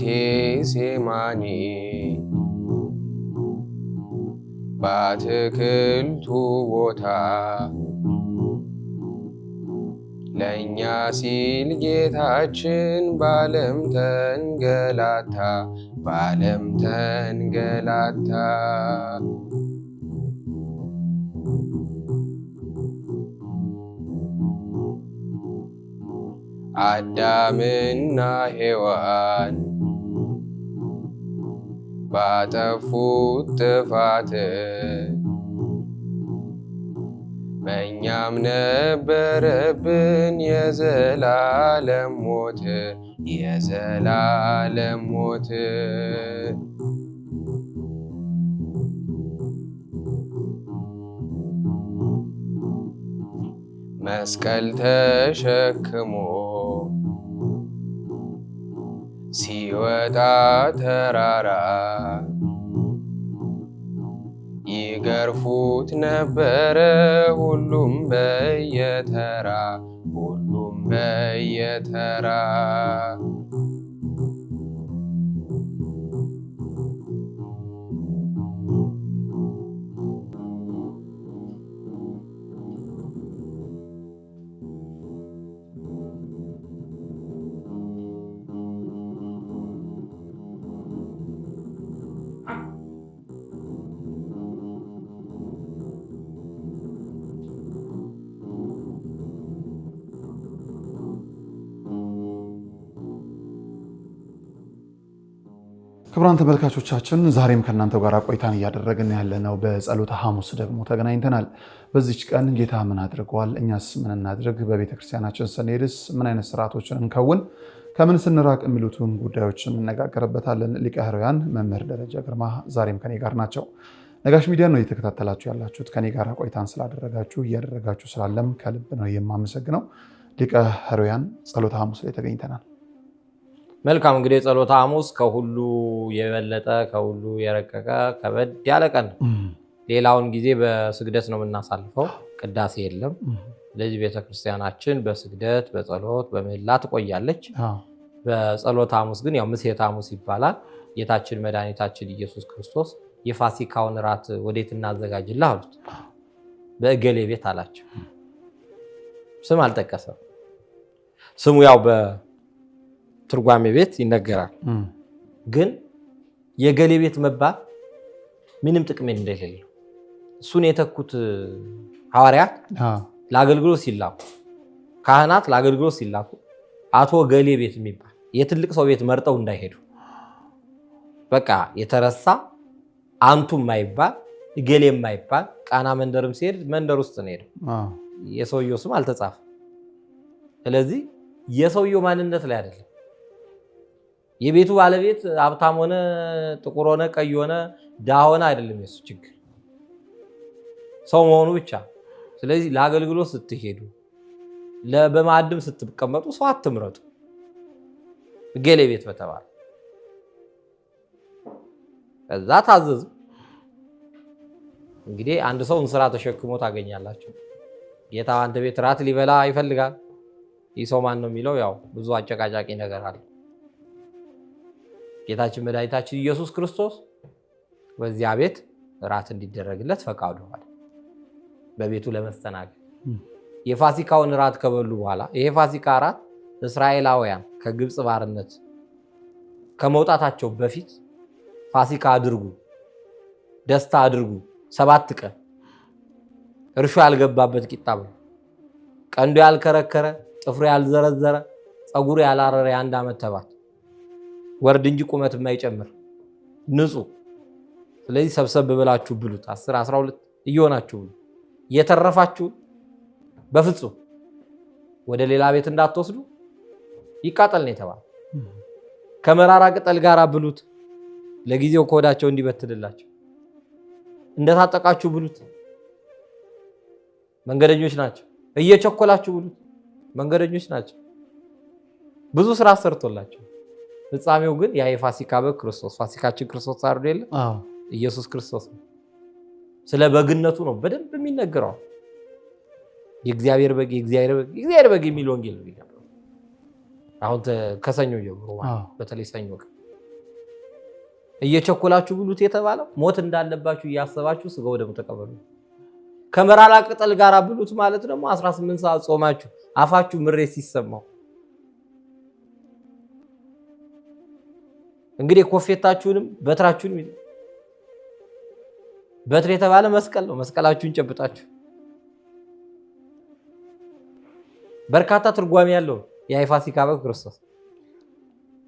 ጌቴሴማኒ በአትክልቱ ቦታ ለእኛ ሲል ጌታችን ባለም ተንገላታ ባለም ተንገላታ አዳምና ሔዋን ባጠፉት ጥፋት በእኛም ነበረብን የዘላለም ሞት የዘላለም ሞት መስቀል ተሸክሞ ሲወጣ ተራራ ይገርፉት ነበረ ሁሉም በየተራ ሁሉም በየተራ ክቡራን ተመልካቾቻችን ዛሬም ከእናንተ ጋር ቆይታን እያደረግን ያለ ነው በጸሎተ ሐሙስ ደግሞ ተገናኝተናል። በዚች ቀን ጌታ ምን አድርገዋል? እኛስ ምን እናድርግ? በቤተክርስቲያናችን ስንሄድስ ምን አይነት ስርዓቶችን እንከውን? ከምን ስንራቅ? የሚሉትን ጉዳዮች እንነጋገርበታለን። ሊቀ ሕሩያን መምህር ደረጀ ግርማ ዛሬም ከኔ ጋር ናቸው። ነጋሽ ሚዲያ ነው እየተከታተላችሁ ያላችሁት። ከኔ ጋር ቆይታን ስላደረጋችሁ እያደረጋችሁ ስላለም ከልብ ነው የማመሰግነው። ሊቀ ሕሩያን ጸሎተ ሐሙስ ላይ ተገኝተናል። መልካም እንግዲህ የጸሎት ሐሙስ ከሁሉ የበለጠ ከሁሉ የረቀቀ ከበድ ያለ ቀን ነው። ሌላውን ጊዜ በስግደት ነው የምናሳልፈው፣ ቅዳሴ የለም። ስለዚህ ቤተክርስቲያናችን በስግደት በጸሎት በምህላ ትቆያለች። በጸሎት ሐሙስ ግን ያው ምሴተ ሐሙስ ይባላል። ጌታችን መድኃኒታችን ኢየሱስ ክርስቶስ የፋሲካውን ራት ወዴት እናዘጋጅልህ አሉት። በእገሌ ቤት አላቸው። ስም አልጠቀሰም። ስሙ ያው ትርጓሜ ቤት ይነገራል። ግን የገሌ ቤት መባል ምንም ጥቅም እንደሌለው እሱን የተኩት ሐዋርያት ለአገልግሎት ሲላኩ፣ ካህናት ለአገልግሎት ሲላኩ አቶ ገሌ ቤት የሚባል የትልቅ ሰው ቤት መርጠው እንዳይሄዱ በቃ የተረሳ አንቱ የማይባል እገሌ የማይባል ቃና መንደርም ሲሄድ መንደር ውስጥ ነው ሄደው የሰውየው ስም አልተጻፈም። ስለዚህ የሰውየው ማንነት ላይ አይደለም የቤቱ ባለቤት ሀብታም ሆነ ጥቁር ሆነ ቀይ ሆነ ዳ ሆነ አይደለም የሱ ችግር፣ ሰው መሆኑ ብቻ። ስለዚህ ለአገልግሎት ስትሄዱ፣ በማዕድም ስትቀመጡ ሰው አትምረጡ። እገሌ ቤት በተባለ ከዛ ታዘዙ። እንግዲህ አንድ ሰው እንስራ ተሸክሞ ታገኛላቸው። ጌታ አንተ ቤት ራት ሊበላ ይፈልጋል። ይህ ሰው ማን ነው የሚለው ያው ብዙ አጨቃጫቂ ነገር አለ። ጌታችን መድኃኒታችን ኢየሱስ ክርስቶስ በዚያ ቤት እራት እንዲደረግለት ፈቃዱ ሆነ። በቤቱ ለመስተናገድ የፋሲካውን እራት ከበሉ በኋላ ይሄ ፋሲካ እራት እስራኤላውያን ከግብፅ ባርነት ከመውጣታቸው በፊት ፋሲካ አድርጉ፣ ደስታ አድርጉ፣ ሰባት ቀን እርሾ ያልገባበት ቂጣ ብሎ ቀንዱ ያልከረከረ ጥፍሩ ያልዘረዘረ ፀጉሩ ያላረረ የአንድ ዓመት ተባት ወርድ እንጂ ቁመት የማይጨምር ንጹህ። ስለዚህ ሰብሰብ ብላችሁ ብሉት። 10 12 እየሆናችሁ ብሉ። እየተረፋችሁ በፍጹም ወደ ሌላ ቤት እንዳትወስዱ፣ ይቃጠል ነው የተባለ። ከመራራ ቅጠል ጋር ብሉት፣ ለጊዜው ከወዳቸው እንዲበትልላቸው። እንደታጠቃችሁ ብሉት፣ መንገደኞች ናቸው። እየቸኮላችሁ ብሉት፣ መንገደኞች ናቸው። ብዙ ስራ ሰርቶላቸው ፍጻሜው ግን ያ የፋሲካ በግ ክርስቶስ ፋሲካችን ክርስቶስ አርዶ የለ ኢየሱስ ክርስቶስ ነው። ስለ በግነቱ ነው በደንብ የሚነገረው የእግዚአብሔር በግ የእግዚአብሔር በግ የእግዚአብሔር በግ የሚል ወንጌል ነው። አሁን ከሰኞ ጀምሮ በተለይ ሰኞ እየቸኮላችሁ ብሉት የተባለው ሞት እንዳለባችሁ እያሰባችሁ ስጋ ወደሙ ተቀበሉ። ከመራራ ቅጠል ጋር ብሉት ማለት ደግሞ 18 ሰዓት ጾማችሁ አፋችሁ ምሬት ሲሰማው እንግዲህ ኮፌታችሁንም በትራችሁንም በትር የተባለ መስቀል ነው። መስቀላችሁን ጨብጣችሁ በርካታ ትርጓሜ ያለው ያ የፋሲካ በግ ክርስቶስ።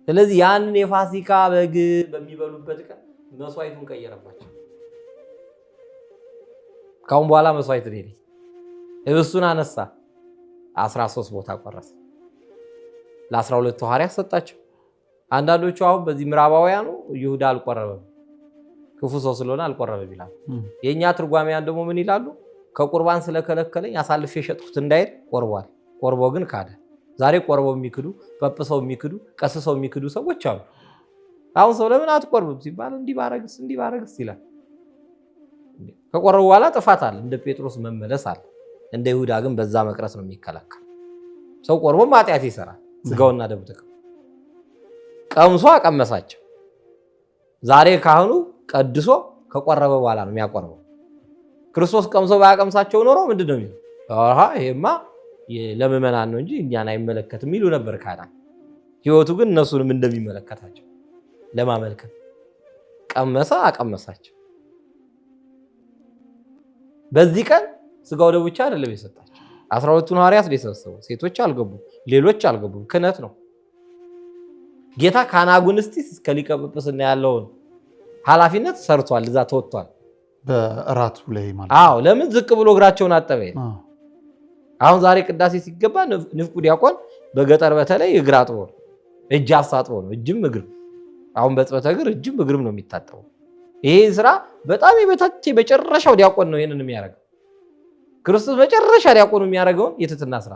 ስለዚህ ያንን የፋሲካ በግ በሚበሉበት ቀን መስዋዕቱን ቀየረባቸው። ካሁን በኋላ መስዋዕት ሄደ። ህብስቱን አነሳ፣ 13 ቦታ ቆረሰ፣ ለ12 ሐዋርያት ሰጣቸው። አንዳንዶቹ አሁን በዚህ ምዕራባውያኑ ይሁዳ አልቆረበም፣ ክፉ ሰው ስለሆነ አልቆረበም ይላል። የእኛ ትርጓሚያን ደግሞ ምን ይላሉ? ከቁርባን ስለከለከለኝ አሳልፌ የሸጥኩት እንዳይል ቆርቧል፣ ቆርቦ ግን ካደ። ዛሬ ቆርበው የሚክዱ ጵጵሰው የሚክዱ ቀስሰው የሚክዱ ሰዎች አሉ። አሁን ሰው ለምን አትቆርብም ሲባል እንዲህ ባረግስ እንዲህ ባረግስ ይላል። ከቆረቡ በኋላ ጥፋት አለ፣ እንደ ጴጥሮስ መመለስ አለ። እንደ ይሁዳ ግን በዛ መቅረስ ነው የሚከለከል። ሰው ቆርቦም ኃጢአት ይሰራል፣ ስጋውና ደሙ ቀምሶ አቀመሳቸው። ዛሬ ካህኑ ቀድሶ ከቆረበ በኋላ ነው የሚያቆርበው። ክርስቶስ ቀምሶ ባያቀምሳቸው ኖሮ ምንድን ነው የሚለው? ይሄማ ለምእመናን ነው እንጂ እኛን አይመለከትም ይሉ ነበር ካህናት። ህይወቱ ግን እነሱንም እንደሚመለከታቸው ለማመልከት ቀመሰ አቀመሳቸው። በዚህ ቀን ስጋ ወደ ብቻ አይደለም የሰጣቸው። አስራ ሁለቱን ሐዋርያት ነው ሴቶች አልገቡም፣ ሌሎች አልገቡም። ክህነት ነው። ጌታ ከአናጉንስጢስ እስከ ሊቀ ጵጵስና ያለውን ኃላፊነት ሰርቷል። እዛ ተወጥቷል። በእራቱ ላይ ማለት አዎ። ለምን ዝቅ ብሎ እግራቸውን አጠበ። አሁን ዛሬ ቅዳሴ ሲገባ ንፍቁ ዲያቆን በገጠር በተለይ እግር አጥቦ ነው፣ እጅ አሳጥቦ ነው። እጅም እግር አሁን በጽበተ እግር እጅም እግርም ነው የሚታጠበው። ይሄ ስራ በጣም የበታች የመጨረሻው ዲያቆን ነው ይህንን የሚያደርገው። ክርስቶስ መጨረሻ ዲያቆኑ የሚያደርገውን የትህትና ስራ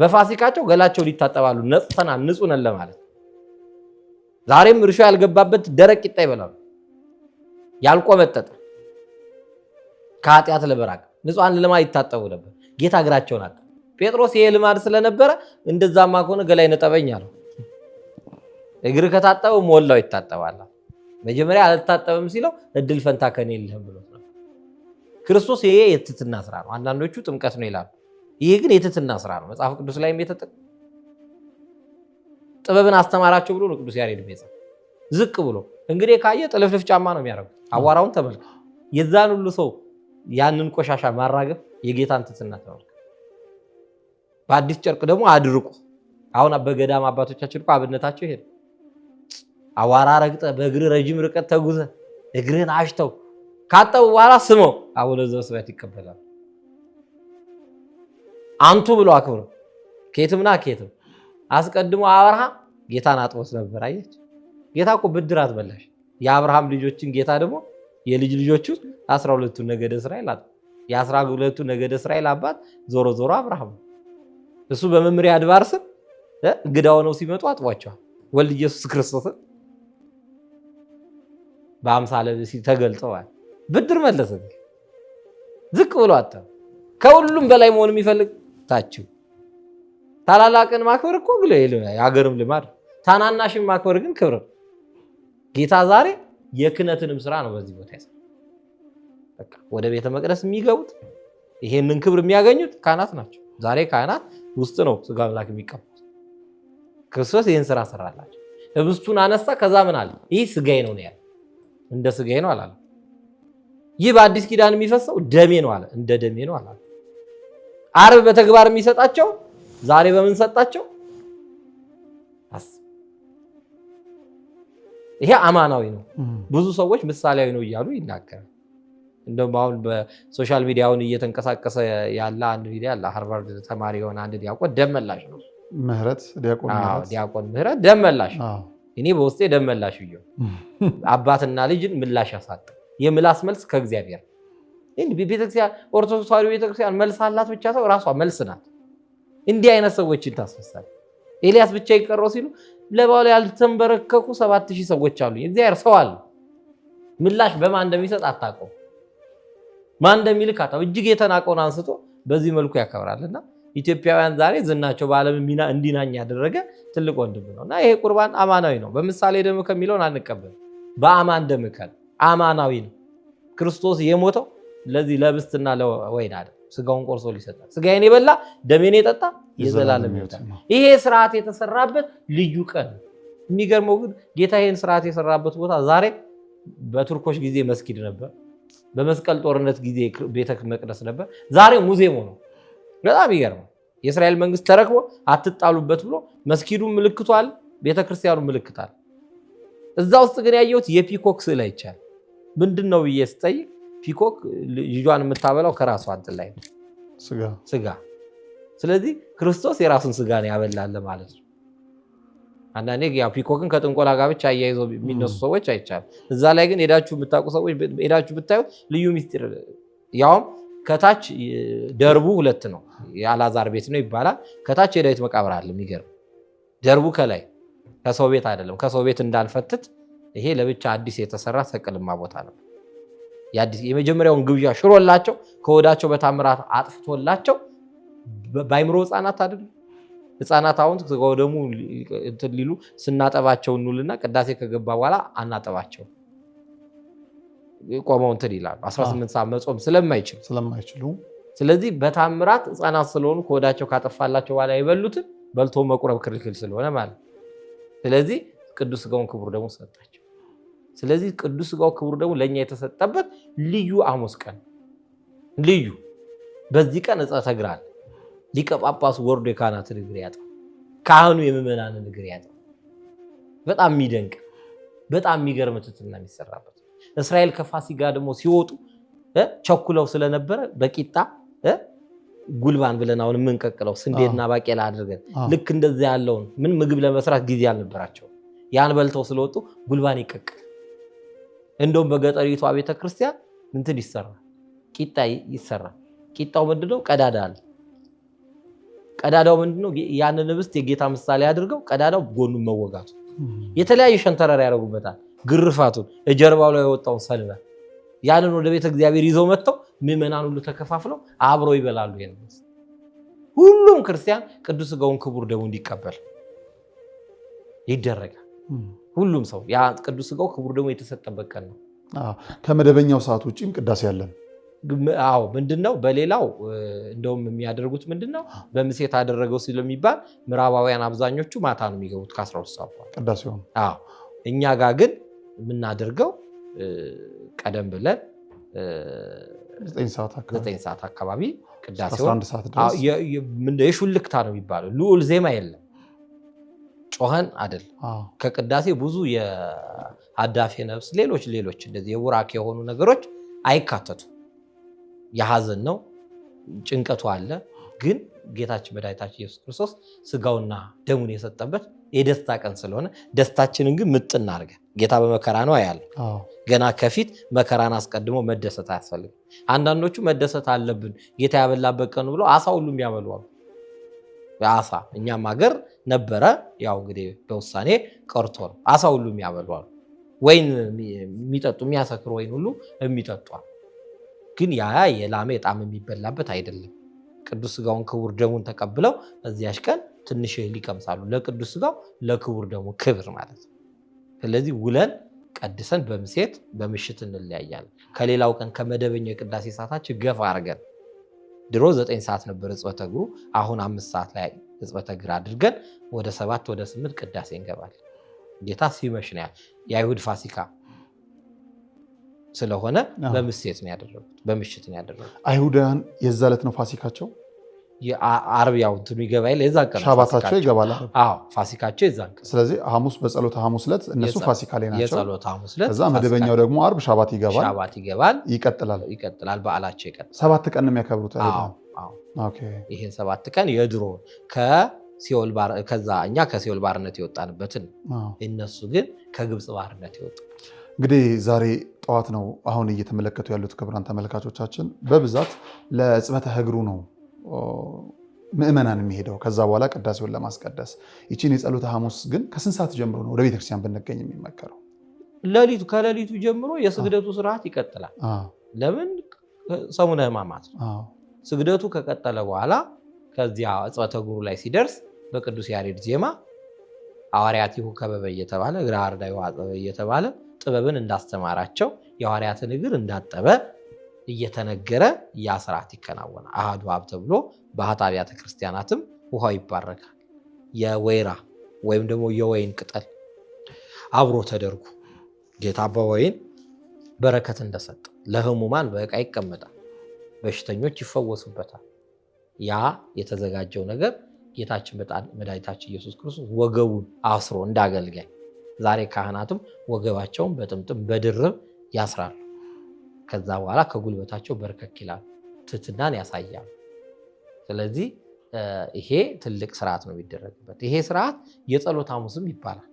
በፋሲካቸው ገላቸው ሊታጠባሉ ነጽተናል፣ ንጹህ ነን ለማለት። ዛሬም እርሾ ያልገባበት ደረቅ ቂጣ ይበላሉ። ያልቆመጠጠ ከኃጢአት ለበራቅ ንጹሐን ልማድ ይታጠቡ ነበር። ጌታ እግራቸውን አጠ። ጴጥሮስ ይሄ ልማድ ስለነበረ እንደዛማ ከሆነ ገላይ ነጠበኝ አለው። እግር ከታጠበ ሞላው ይታጠባል። መጀመሪያ አልታጠበም ሲለው እድል ፈንታ ከኔ የለህም ብሎት ክርስቶስ ይሄ የትትና ስራ ነው። አንዳንዶቹ ጥምቀት ነው ይላሉ። ይህ ግን የትትና ስራ ነው። መጽሐፍ ቅዱስ ላይ የተጠቅ ጥበብን አስተማራቸው ብሎ ነው ቅዱስ ያሬድ የሚጽፍ ዝቅ ብሎ እንግዲህ ካየ ጥልፍልፍ ጫማ ነው የሚያደርጉት። አቧራውን ተመልክ። የዛን ሁሉ ሰው ያንን ቆሻሻ ማራገፍ የጌታን ትትና ተመልክ። በአዲስ ጨርቅ ደግሞ አድርቁ። አሁን በገዳም አባቶቻችን እኮ አብነታቸው ይሄ አቧራ ረግጠ በእግር ረጅም ርቀት ተጉዘ እግርን አሽተው ካጠቡ በኋላ ስመው አቡነ ዘበሰማያት ይቀበላል። አንቱ ብሎ አክብሮ ኬትምና ኬትም አስቀድሞ አብርሃም ጌታን አጥቦት ነበር። አየች ጌታ እኮ ብድር አትበላሽ። የአብርሃም ልጆችን ጌታ ደግሞ የልጅ ልጆቹን አስራ ሁለቱ ነገደ እስራኤል አጥ የአስራ ሁለቱ ነገደ እስራኤል አባት ዞሮ ዞሮ አብርሃም እሱ በመምሪያ አድባር ስም እንግዳ ሆነው ሲመጡ አጥቧቸዋል። ወልድ ኢየሱስ ክርስቶስን በአምሳለ ተገልጸዋል። ብድር መለሰ። ዝቅ ብሎ አጠ ከሁሉም በላይ መሆን የሚፈልግ ታችሁ ታላላቅን ማክበር እኮ የሀገርም ልማድ፣ ታናናሽን ማክበር ግን ክብር። ጌታ ዛሬ የክነትንም ስራ ነው በዚህ ቦታ ያሳ ወደ ቤተ መቅደስ የሚገቡት ይሄንን ክብር የሚያገኙት ካህናት ናቸው። ዛሬ ካህናት ውስጥ ነው ስጋ አምላክ የሚቀቡት። ክርስቶስ ይህን ስራ ሰራላቸው። ህብስቱን አነሳ። ከዛ ምን አለ? ይህ ስጋዬ ነው ያለ። እንደ ስጋዬ ነው አላለ። ይህ በአዲስ ኪዳን የሚፈሰው ደሜ ነው አለ። እንደ ደሜ ነው አላለ። አርብ በተግባር የሚሰጣቸው ዛሬ በምን ሰጣቸው? ይሄ አማናዊ ነው። ብዙ ሰዎች ምሳሌያዊ ነው እያሉ ይናገራል። እንደውም አሁን በሶሻል ሚዲያውን እየተንቀሳቀሰ ያለ አንድ ሚዲያ አለ። ሃርቫርድ ተማሪ የሆነ አንድ ዲያቆን ደመላሽ ነው ምህረት ዲያቆን ምህረት ደመላሽ እኔ በውስጤ ደመላሽ ብዬ አባትና ልጅን ምላሽ ያሳጣ የምላስ መልስ ከእግዚአብሔር ቤተክርስቲያን ኦርቶዶክስ ተዋሕዶ ቤተክርስቲያን መልስ አላት ብቻ ሰው ራሷ መልስ ናት። እንዲህ አይነት ሰዎችን ታስነሳል። ኤልያስ ብቻ ይቀረው ሲሉ ለባሉ ያልተንበረከኩ ሰባት ሺህ ሰዎች አሉ። እግዚአብሔር ሰው አለ። ምላሽ በማን እንደሚሰጥ አታውቀው፣ ማን እንደሚልክ አታ እጅግ የተናቀውን አንስቶ በዚህ መልኩ ያከብራልና ኢትዮጵያውያን ዛሬ ዝናቸው በዓለም ሚና እንዲናኝ ያደረገ ትልቅ ወንድም ነው እና ይሄ ቁርባን አማናዊ ነው። በምሳሌ ደምከ የሚለውን አንቀበል። በአማን ደምከል አማናዊ ነው። ክርስቶስ የሞተው ለዚህ ለብስትና ለወይን አይደል ስጋውን ቆርሶ ሊሰጣል። ስጋዬን የበላ ደሜን የጠጣ የዘላለም ይሄ ስርዓት የተሰራበት ልዩ ቀን። የሚገርመው ግን ጌታ ይህን ስርዓት የሰራበት ቦታ ዛሬ በቱርኮች ጊዜ መስጊድ ነበር፣ በመስቀል ጦርነት ጊዜ ቤተ መቅደስ ነበር፣ ዛሬ ሙዚየም ነው። በጣም ይገርመው የእስራኤል መንግስት ተረክቦ አትጣሉበት ብሎ መስጊዱ ምልክቱ አለ፣ ቤተክርስቲያኑ ምልክት አለ። እዛ ውስጥ ግን ያየሁት የፒኮክ ስዕል አይቻል ምንድን ነው ብዬ ስጠይቅ ፒኮክ ልጇን የምታበላው ከራሱ አጥንት ላይ ነው ስጋ። ስለዚህ ክርስቶስ የራሱን ስጋ ነው ያበላል ማለት ነው። አንዳንዴ ፒኮክን ከጥንቆላ ጋር ብቻ አያይዘው የሚነሱ ሰዎች አይቻልም። እዛ ላይ ግን ሄዳችሁ የምታውቁ ሰዎች ሄዳችሁ ብታዩ ልዩ ሚስጢር ያውም ከታች ደርቡ ሁለት ነው። የአላዛር ቤት ነው ይባላል። ከታች የዳዊት መቃብር አለ። የሚገርም ደርቡ ከላይ ከሰው ቤት አይደለም። ከሰው ቤት እንዳንፈትት ይሄ ለብቻ አዲስ የተሰራ ሰቅልማ ቦታ ነው። የመጀመሪያውን ግብዣ ሽሮላቸው ከወዳቸው በታምራት አጥፍቶላቸው በአይምሮ ህፃናት አይደሉ ህፃናት አሁን ደግሞ እንትን ሊሉ ስናጠባቸው እንውልና ቅዳሴ ከገባ በኋላ አናጠባቸው ቆመው እንትን ይላሉ። 18 ሰዓት መጾም ስለማይችል ስለማይችሉ ስለዚህ በታምራት ህፃናት ስለሆኑ ከወዳቸው ካጠፋላቸው በኋላ የበሉትን በልቶ መቁረብ ክልክል ስለሆነ ማለት ስለዚህ ቅዱስ ስጋውን ክቡር ደግሞ ሰጣቸው። ስለዚህ ቅዱስ ስጋው ክቡር ደግሞ ለእኛ የተሰጠበት ልዩ ሐሙስ ቀን ልዩ በዚህ ቀን እጸ ተግራል ሊቀ ጳጳሱ ወርዶ የካህናትን እግር ያጥብ፣ ካህኑ የምዕመናንን እግር ያጥብ። በጣም የሚደንቅ በጣም የሚገርም ትሕትና የሚሰራበት እስራኤል ከፋሲካ ደግሞ ሲወጡ ቸኩለው ስለነበረ በቂጣ ጉልባን ብለን አሁን የምንቀቅለው ስንዴና ባቄላ አድርገን ልክ እንደዛ ያለውን ምን ምግብ ለመስራት ጊዜ አልነበራቸው። ያን በልተው ስለወጡ ጉልባን ይቀቅል እንደውም በገጠሪቷ ቤተክርስቲያን እንትን ይሰራ ቂጣ ይሰራ። ቂጣው ምንድነው? ቀዳዳ አለ። ቀዳዳው ምንድነው? ያንን ህብስት የጌታ ምሳሌ አድርገው ቀዳዳው ጎኑን መወጋቱ፣ የተለያዩ ሸንተረር ያደርጉበታል። ግርፋቱን፣ እጀርባው ላይ የወጣውን ሰልበ ያንን ወደ ቤተ እግዚአብሔር ይዘው መጥተው ምዕመናን ሁሉ ተከፋፍለው አብረው ይበላሉ። ይንስ ሁሉም ክርስቲያን ቅዱስ ሥጋውን ክቡር ደሙ እንዲቀበል ይደረጋል። ሁሉም ሰው ያ ቅዱስ ሥጋው ክቡር ደግሞ የተሰጠበት ቀን ነው። ከመደበኛው ሰዓት ውጭም ቅዳሴ ያለን አዎ ምንድነው? በሌላው እንደውም የሚያደርጉት ምንድነው በምሴት አደረገው ስለሚባል ምዕራባውያን አብዛኞቹ ማታ ነው የሚገቡት ከ12 ሰዓት እኛ ጋር ግን የምናደርገው ቀደም ብለን ዘጠኝ ሰዓት አካባቢ ቅዳሴ የሹልክታ ነው የሚባለው። ልዑል ዜማ የለም ጮኸን አደል ከቅዳሴ ብዙ የአዳፌ ነፍስ፣ ሌሎች ሌሎች እንደዚህ የውራክ የሆኑ ነገሮች አይካተቱም። የሀዘን ነው ጭንቀቱ አለ። ግን ጌታችን መድኃኒታችን ኢየሱስ ክርስቶስ ስጋውና ደሙን የሰጠበት የደስታ ቀን ስለሆነ ደስታችንን ግን ምጥን እናርገ ጌታ በመከራ ነው ያለ። ገና ከፊት መከራን አስቀድሞ መደሰት አያስፈልግም። አንዳንዶቹ መደሰት አለብን ጌታ ያበላበት ቀኑ ብሎ አሳ ሁሉ የሚያበሉ አሳ እኛም ሀገር ነበረ። ያው እንግዲህ በውሳኔ ቀርቶ ነው አሳ ሁሉ የሚያበሏል። ወይን የሚጠጡ የሚያሰክር ወይን ሁሉ የሚጠጧል። ግን ያ የላመ የጣም የሚበላበት አይደለም። ቅዱስ ስጋውን ክቡር ደሙን ተቀብለው እዚያች ቀን ትንሽ እህል ይቀምሳሉ። ለቅዱስ ስጋው ለክቡር ደሙ ክብር ማለት ነው። ስለዚህ ውለን ቀድሰን በምሴት በምሽት እንለያያለን። ከሌላው ቀን ከመደበኛው የቅዳሴ ሰዓታችን ገፋ አድርገን ድሮ ዘጠኝ ሰዓት ነበር እጽበተ እግሩ። አሁን አምስት ሰዓት ላይ እጽበተ እግር አድርገን ወደ ሰባት ወደ ስምንት ቅዳሴ እንገባለን። ጌታ ሲመሽ ነው የአይሁድ ፋሲካ ስለሆነ በምሴት ነው ያደረጉት፣ በምሽት ነው ያደረጉት። አይሁዳውያን የዛ ዕለት ነው ፋሲካቸው። አርብ ያው እንትኑ ይገባል። የዛ ቀን ሻባታቸው ይገባል። ፋሲካቸው የዛ ቀን። ስለዚህ ሐሙስ በጸሎተ ሐሙስ ዕለት እነሱ ፋሲካ ላይ ናቸው። የጸሎተ ሐሙስ ዕለት ከዛ መደበኛው ደግሞ አርብ ሻባት ይገባል። ሻባት ይገባል። ይቀጥላል ይቀጥላል። በዓላቸው ይቀጥላል። ሰባት ቀን ነው የሚያከብሩት። አዎ ይሄን ሰባት ቀን የድሮ ከ ባር ከዛ እኛ ከሲኦል ባርነት የወጣንበትን እነሱ ግን ከግብፅ ባርነት የወጡ እንግዲህ ዛሬ ጠዋት ነው አሁን እየተመለከቱ ያሉት ክቡራን ተመልካቾቻችን በብዛት ለጽበተ ኅግሩ ነው ምእመናን የሚሄደው ከዛ በኋላ ቅዳሴውን ለማስቀደስ። ይችን የጸሎተ ሐሙስ ግን ከስንት ሰዓት ጀምሮ ነው ወደ ቤተክርስቲያን ብንገኝ የሚመከረው? ሌሊቱ ከሌሊቱ ጀምሮ የስግደቱ ስርዓት ይቀጥላል። ለምን ሰሙነ ሕማማት ነው። ስግደቱ ከቀጠለ በኋላ ከዚያ እጽበተ እግሩ ላይ ሲደርስ በቅዱስ ያሬድ ዜማ ሐዋርያቲሁ ከበበ እየተባለ እግረ አርዳኢሁ አጠበ እየተባለ ጥበብን እንዳስተማራቸው የሐዋርያትን እግር እንዳጠበ እየተነገረ ያ ስርዓት ይከናወናል። አህዱ ሀብ ተብሎ ባህት አብያተ ክርስቲያናትም ውሃው ይባረካል። የወይራ ወይም ደግሞ የወይን ቅጠል አብሮ ተደርጎ ጌታ በወይን በረከት እንደሰጠ ለህሙማን በዕቃ ይቀመጣል፣ በሽተኞች ይፈወሱበታል። ያ የተዘጋጀው ነገር ጌታችን በጣም መድኃኒታችን ኢየሱስ ክርስቶስ ወገቡን አስሮ እንዳገልጋይ ዛሬ ካህናትም ወገባቸውን በጥምጥም በድርብ ያስራሉ። ከዛ በኋላ ከጉልበታቸው በርከክ ይላል፣ ትህትናን ያሳያል። ስለዚህ ይሄ ትልቅ ስርዓት ነው የሚደረግበት። ይሄ ስርዓት የጸሎት ሐሙስም ይባላል።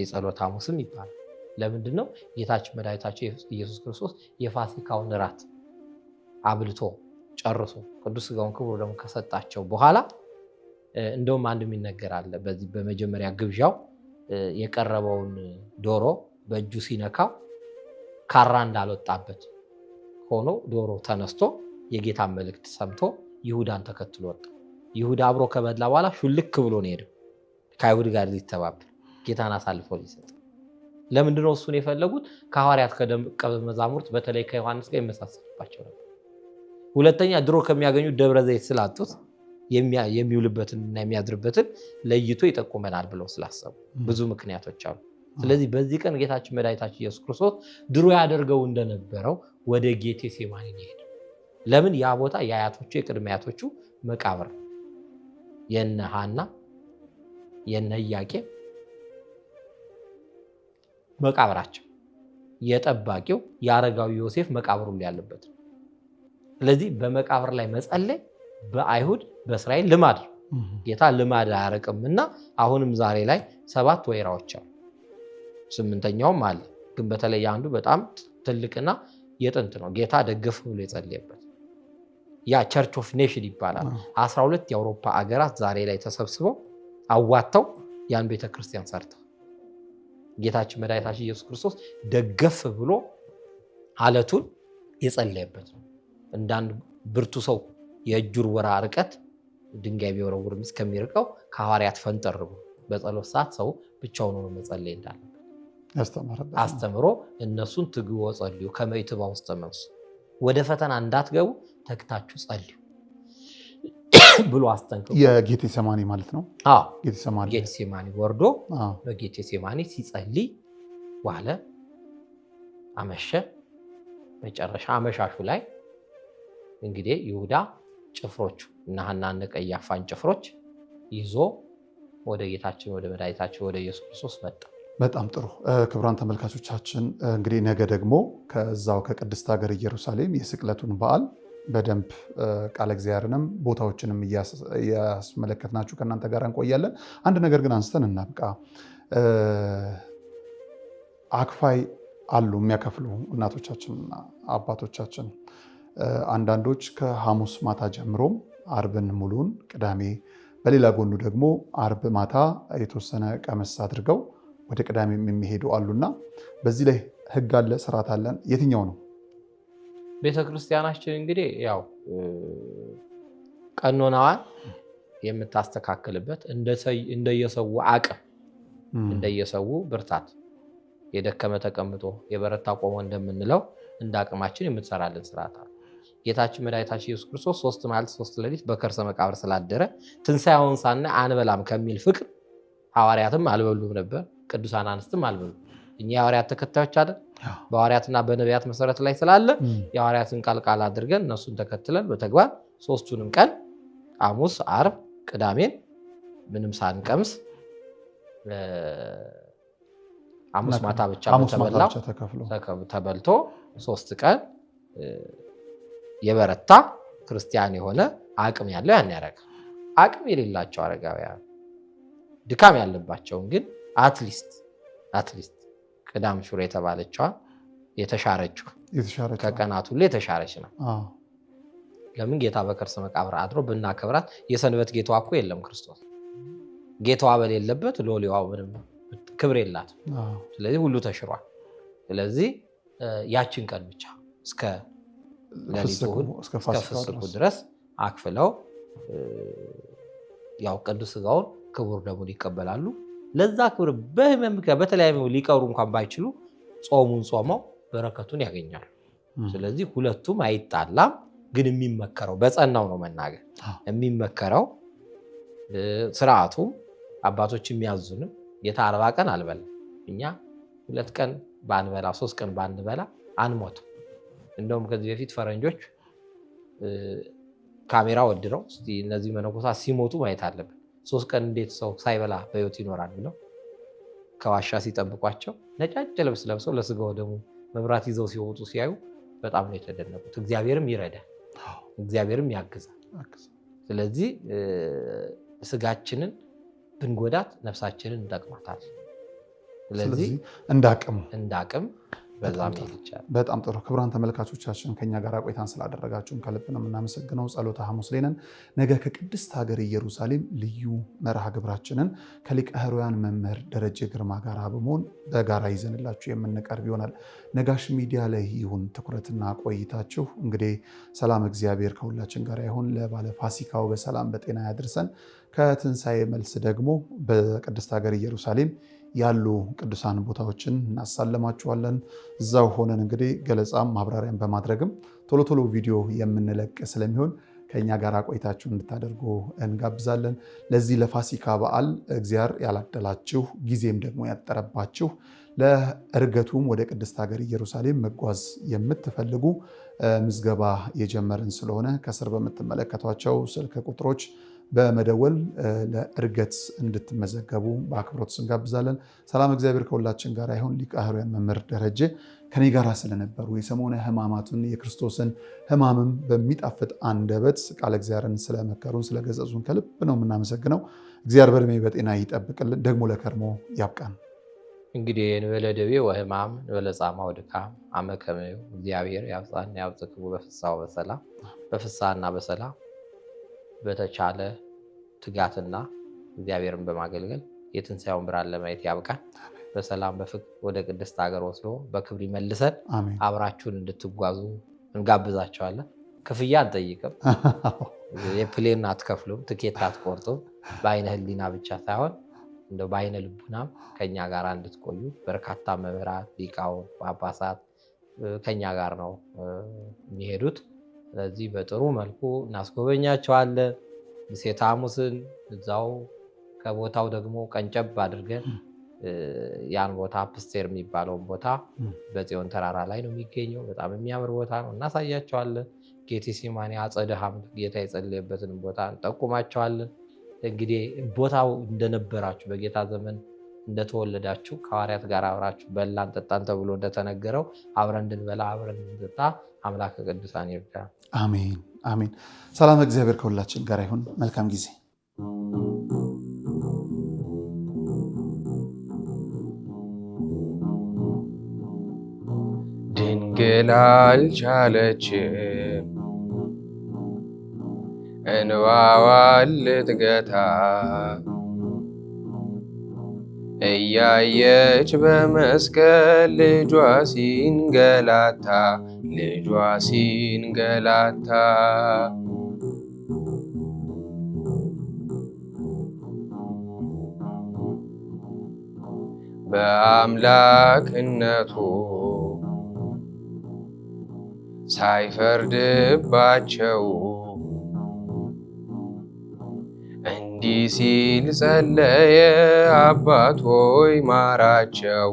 የጸሎት ሐሙስም ይባላል። ለምንድን ነው ጌታችን መድኃኒታችን ኢየሱስ ክርስቶስ የፋሲካውን እራት አብልቶ ጨርሶ ቅዱስ ስጋውን ክቡር ደግሞ ከሰጣቸው በኋላ እንደውም አንድ የሚነገር አለ። በዚህ በመጀመሪያ ግብዣው የቀረበውን ዶሮ በእጁ ሲነካው ካራ እንዳልወጣበት ሆኖ ዶሮ ተነስቶ የጌታን መልእክት ሰምቶ ይሁዳን ተከትሎ ወጣ። ይሁዳ አብሮ ከበላ በኋላ ሹልክ ብሎ ነው ሄደው ከአይሁድ ጋር ሊተባበር ጌታን አሳልፎ ሊሰጥ። ለምንድነው እሱን የፈለጉት? ከሐዋርያት ከደቀ መዛሙርት በተለይ ከዮሐንስ ጋር ይመሳሰልባቸው ነበር። ሁለተኛ ድሮ ከሚያገኙት ደብረ ዘይት ስላጡት የሚውልበትንና የሚያድርበትን ለይቶ ይጠቁመናል ብለው ስላሰቡ ብዙ ምክንያቶች አሉ። ስለዚህ በዚህ ቀን ጌታችን መድኃኒታችን ኢየሱስ ክርስቶስ ድሮ ያደርገው እንደነበረው ወደ ጌቴ ሴማኒ ይሄድ። ለምን ያ ቦታ የአያቶቹ የቅድመ አያቶቹ መቃብር የነ ሐና የነ ኢያቄም መቃብራቸው የጠባቂው የአረጋዊ ዮሴፍ መቃብሩ ያለበት። ስለዚህ በመቃብር ላይ መጸለይ በአይሁድ በእስራኤል ልማድ ጌታ ልማድ አያርቅም እና አሁንም ዛሬ ላይ ሰባት ወይራዎች አሉ። ስምንተኛውም አለ። ግን በተለይ አንዱ በጣም ትልቅና የጥንት ነው። ጌታ ደገፍ ብሎ የጸለየበት ያ ቸርች ኦፍ ኔሽን ይባላል። አስራ ሁለት የአውሮፓ አገራት ዛሬ ላይ ተሰብስበው አዋጥተው ያን ቤተክርስቲያን ሰርተው ጌታችን መድኃኒታችን ኢየሱስ ክርስቶስ ደገፍ ብሎ አለቱን የጸለየበት ነው። እንዳንድ ብርቱ ሰው የእጁር ወራ ርቀት ድንጋይ ቢወረውርም እስከሚርቀው ከሐዋርያት ፈንጠር ብሎ በጸሎት ሰዓት ሰው ብቻውን ሆኖ መጸለይ እንዳለበት አስተምሮ እነሱን ትግቦ ጸልዩ ከመይትባ ውስጥ መንሱ ወደ ፈተና እንዳትገቡ ተግታችሁ ጸልዩ ብሎ አስጠንቅቆ የጌቴሴማኒ ማለት ነው። ጌቴሴማኒ ወርዶ በጌቴሴማኒ ሲጸልይ ዋለ፣ አመሸ። መጨረሻ አመሻሹ ላይ እንግዲህ ይሁዳ ጭፍሮቹ እና ሐናና ቀያፋን ጭፍሮች ይዞ ወደ ጌታችን ወደ መድኃኒታችን ወደ ኢየሱስ ክርስቶስ መጣ። በጣም ጥሩ ክቡራን ተመልካቾቻችን እንግዲህ ነገ ደግሞ ከዛው ከቅድስት ሀገር ኢየሩሳሌም የስቅለቱን በዓል በደንብ ቃለ እግዚአብሔርንም ቦታዎችንም እያስመለከትናችሁ ከእናንተ ጋር እንቆያለን። አንድ ነገር ግን አንስተን እናብቃ። አክፋይ አሉ የሚያከፍሉ እናቶቻችንና አባቶቻችን። አንዳንዶች ከሐሙስ ማታ ጀምሮም አርብን ሙሉን፣ ቅዳሜ በሌላ ጎኑ ደግሞ አርብ ማታ የተወሰነ ቀመስ አድርገው ወደ ቅዳሜ የሚሄዱ አሉና በዚህ ላይ ህግ አለ፣ ስርዓት አለን። የትኛው ነው? ቤተክርስቲያናችን እንግዲህ ያው ቀኖናዋን የምታስተካክልበት እንደየሰው አቅም እንደየሰው ብርታት የደከመ ተቀምጦ የበረታ ቆሞ እንደምንለው እንደ አቅማችን የምትሰራልን ስርዓት አለ። ጌታችን መድኃኒታችን ኢየሱስ ክርስቶስ ሶስት መዓልት ሶስት ሌሊት በከርሰ መቃብር ስላደረ ትንሣኤውን ሳና አንበላም ከሚል ፍቅር ሐዋርያትም አልበሉም ነበር፣ ቅዱሳን አንስትም አልበሉም። እኛ የሐዋርያት ተከታዮች አለ በሐዋርያትና በነቢያት መሰረት ላይ ስላለ የሐዋርያትን ቃል ቃል አድርገን እነሱን ተከትለን በተግባር ሶስቱንም ቀን ሐሙስ፣ ዓርብ፣ ቅዳሜን ምንም ሳንቀምስ ሐሙስ ማታ ብቻ ተበላው ተበልቶ ሶስት ቀን የበረታ ክርስቲያን የሆነ አቅም ያለው ያን ያረጋል። አቅም የሌላቸው አረጋውያን ድካም ያለባቸውን ግን አትሊስት አትሊስት ቅዳም ሹር የተባለችዋ የተሻረችው ከቀናት ሁሉ የተሻረች ነው። ለምን ጌታ በከርሰ መቃብር አድሮ ብናከብራት የሰንበት ጌታዋ እኮ የለም ክርስቶስ ጌታዋ በሌለበት ሎሌዋ ምንም ክብር የላትም። ስለዚህ ሁሉ ተሽሯል። ስለዚህ ያችን ቀን ብቻ እስከ ድረስ አክፍለው ያው ቅዱስ ስጋውን ክቡር ደሙን ይቀበላሉ። ለዛ ክብር በህመም በተለያዩ ሊቀሩ እንኳን ባይችሉ ጾሙን ጾመው በረከቱን ያገኛሉ። ስለዚህ ሁለቱም አይጣላም። ግን የሚመከረው በጸናው ነው መናገር የሚመከረው ስርዓቱም አባቶች የሚያዙንም ጌታ አርባ ቀን አልበላ እኛ ሁለት ቀን ባንበላ ሶስት ቀን ባንበላ አንሞት። እንደውም ከዚህ በፊት ፈረንጆች ካሜራ ወድረው እነዚህ መነኮሳት ሲሞቱ ማየት አለብን ሶስት ቀን እንዴት ሰው ሳይበላ በህይወት ይኖራል ብለው ከዋሻ ሲጠብቋቸው ነጫጭ ልብስ ለብሰው ለስጋው ደግሞ መብራት ይዘው ሲወጡ ሲያዩ በጣም ነው የተደነቁት። እግዚአብሔርም ይረዳል፣ እግዚአብሔርም ያግዛል። ስለዚህ ስጋችንን ብንጎዳት ነፍሳችንን እንጠቅማታል። ስለዚህ እንዳቅም እንዳቅም በጣም ጥሩ ክቡራን ተመልካቾቻችን ከኛ ጋር ቆይታን ስላደረጋችሁን ከልብ ነው የምናመሰግነው። ጸሎተ ሐሙስ ሌነን ነገ ከቅድስት ሀገር ኢየሩሳሌም ልዩ መርሃ ግብራችንን ከሊቀ መምህር ደረጀ ግርማ ጋር በመሆን በጋራ ይዘንላችሁ የምንቀርብ ይሆናል። ነጋሽ ሚዲያ ላይ ይሁን ትኩረትና ቆይታችሁ። እንግዲህ ሰላም እግዚአብሔር ከሁላችን ጋር ይሁን። ለባለ ፋሲካው በሰላም በጤና ያድርሰን። ከትንሣኤ መልስ ደግሞ በቅድስት ሀገር ኢየሩሳሌም ያሉ ቅዱሳን ቦታዎችን እናሳለማችኋለን። እዛው ሆነን እንግዲህ ገለጻም ማብራሪያን በማድረግም ቶሎ ቶሎ ቪዲዮ የምንለቅ ስለሚሆን ከእኛ ጋር ቆይታችሁ እንድታደርጉ እንጋብዛለን። ለዚህ ለፋሲካ በዓል እግዚአብሔር ያላደላችሁ ጊዜም ደግሞ ያጠረባችሁ ለእርገቱም ወደ ቅድስት ሀገር ኢየሩሳሌም መጓዝ የምትፈልጉ ምዝገባ የጀመርን ስለሆነ ከስር በምትመለከቷቸው ስልክ ቁጥሮች በመደወል ለእርገት እንድትመዘገቡ በአክብሮት እንጋብዛለን። ሰላም እግዚአብሔር ከሁላችን ጋር ይሁን። ሊቀ ኅሩያን መምህር ደረጀ ከኔ ጋር ስለነበሩ የሰሞነ ሕማማቱን የክርስቶስን ሕማምም በሚጣፍጥ አንደበት ቃለ እግዚአብሔርን ስለመከሩን ስለገሰጹን ከልብ ነው የምናመሰግነው። እግዚአብሔር በዕድሜ በጤና ይጠብቅልን፣ ደግሞ ለከርሞ ያብቃን። እንግዲህ ንበለ ደዌ ወሕማም ንበለ ጻማ ወድካም አመ እግዚአብሔር ያብጻና ያብጽክሙ በፍሳው በሰላም በፍሳና በሰላም በተቻለ ትጋትና እግዚአብሔርን በማገልገል የትንሣኤውን ብርሃን ለማየት ያብቃል። በሰላም በፍቅር ወደ ቅድስት ሀገር ወስዶ በክብር ይመልሰን። አብራችሁን እንድትጓዙ እንጋብዛቸዋለን። ክፍያ አንጠይቅም። የፕሌን አትከፍሉም፣ ትኬት አትቆርጡም። በአይነ ህሊና ብቻ ሳይሆን እንደ በአይነ ልቡናም ከኛ ጋር እንድትቆዩ በርካታ መምህራን፣ ሊቃውን፣ ጳጳሳት ከኛ ጋር ነው የሚሄዱት። ስለዚህ በጥሩ መልኩ እናስጎበኛቸዋለን። ሴት ሐሙስን እዛው ከቦታው ደግሞ ቀንጨብ አድርገን ያን ቦታ ፕስቴር የሚባለውን ቦታ በጽዮን ተራራ ላይ ነው የሚገኘው። በጣም የሚያምር ቦታ ነው፣ እናሳያቸዋለን። ጌቴሴማኒ አጸደ ሐምድ ጌታ የጸለየበትን ቦታ እንጠቁማቸዋለን። እንግዲህ ቦታው እንደነበራችሁ በጌታ ዘመን እንደተወለዳችሁ ከሐዋርያት ጋር አብራችሁ በላን ጠጣን ተብሎ እንደተነገረው አብረን እንድንበላ አብረን እንድንጠጣ አምላክ ቅዱሳን ይርዳ። አሜን አሜን። ሰላም እግዚአብሔር ከሁላችን ጋር ይሁን። መልካም ጊዜ ድንግል አልቻለችም እንባዋን ልትገታ እያየች በመስቀል ልጇ ሲንገላታ ልጇ ሲንገላታ በአምላክነቱ ሳይፈርድባቸው እንዲህ ሲል ጸለየ፣ አባት ሆይ ማራቸው፣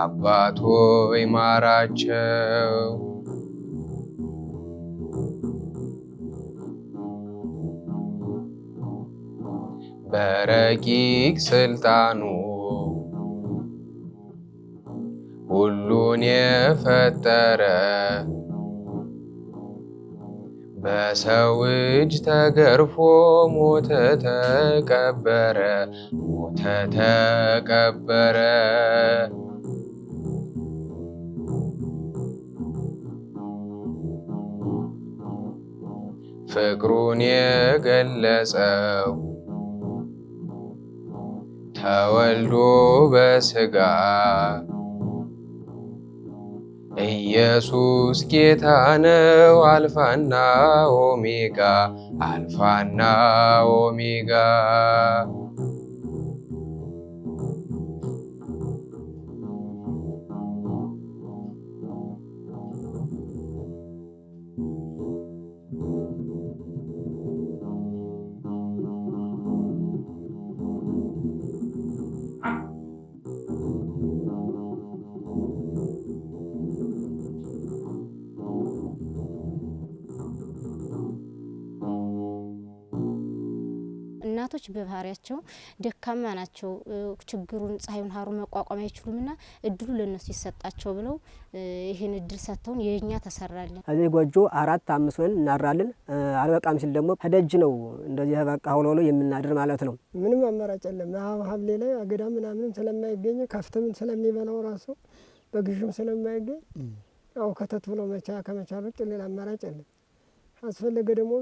አባት ሆይ ማራቸው። በረቂቅ ስልጣኑ ሁሉን የፈጠረ በሰው እጅ ተገርፎ ሞተ ተቀበረ፣ ሞተ ተቀበረ። ፍቅሩን የገለጸው ተወልዶ በስጋ ኢየሱስ ጌታ ነው፣ አልፋና ኦሜጋ፣ አልፋና ኦሜጋ እናቶች በባህሪያቸው ደካማ ናቸው። ችግሩን ፀሐዩን ሀሩ መቋቋም አይችሉምና እድሉ ለእነሱ ይሰጣቸው ብለው ይህን እድል ሰጥተውን የኛ ተሰራለን። እዚህ ጎጆ አራት አምስት ወን እናራለን አልበቃም ሲል ደግሞ ከደጅ ነው እንደዚህ በቃ ሆኖ የምናድር ማለት ነው። ምንም አማራጭ የለም። ሀብሌ ላይ አገዳ ምናምንም ስለማይገኝ ከፍትምን ስለሚበላው ራሱ በግሹም ስለማይገኝ ያው ከተት ብሎ መቻ ከመቻል ውጭ ሌላ አማራጭ የለም። አስፈለገ ደግሞ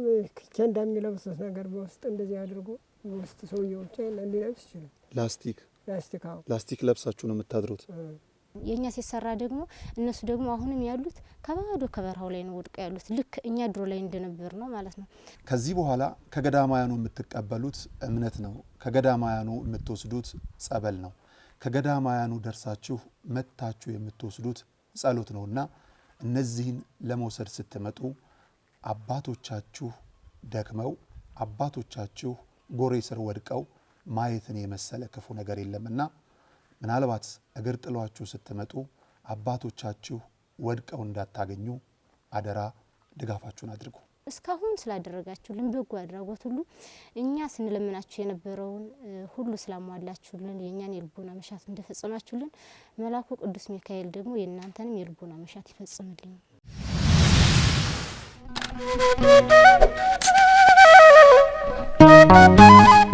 ኬንዳ የሚለብሱት ነገር በውስጥ እንደዚህ አድርጎ ውስጥ ሰውየው ብቻ ሊለብስ ይችላል። ላስቲክ ላስቲክ ላስቲክ ለብሳችሁ ነው የምታድሩት። የእኛ ሲሰራ ደግሞ እነሱ ደግሞ አሁንም ያሉት ከባዶ ከበረሃው ላይ ነው ወድቀው ያሉት። ልክ እኛ ድሮ ላይ እንደነበር ነው ማለት ነው። ከዚህ በኋላ ከገዳማያኑ የምትቀበሉት እምነት ነው። ከገዳማያኑ የምትወስዱት ጸበል ነው። ከገዳማያኑ ደርሳችሁ መታችሁ የምትወስዱት ጸሎት ነው እና እነዚህን ለመውሰድ ስትመጡ አባቶቻችሁ ደክመው አባቶቻችሁ ጎሬ ስር ወድቀው ማየትን የመሰለ ክፉ ነገር የለምና ምናልባት እግር ጥሏችሁ ስትመጡ አባቶቻችሁ ወድቀው እንዳታገኙ አደራ ድጋፋችሁን አድርጉ። እስካሁን ስላደረጋችሁልን በጎ አድራጎት ሁሉ እኛ ስንለምናችሁ የነበረውን ሁሉ ስላሟላችሁልን የእኛን የልቦና መሻት እንደፈጸማችሁልን መልኩ ቅዱስ ሚካኤል ደግሞ የእናንተንም የልቦና መሻት ይፈጽምልን። Thank you. Thank you.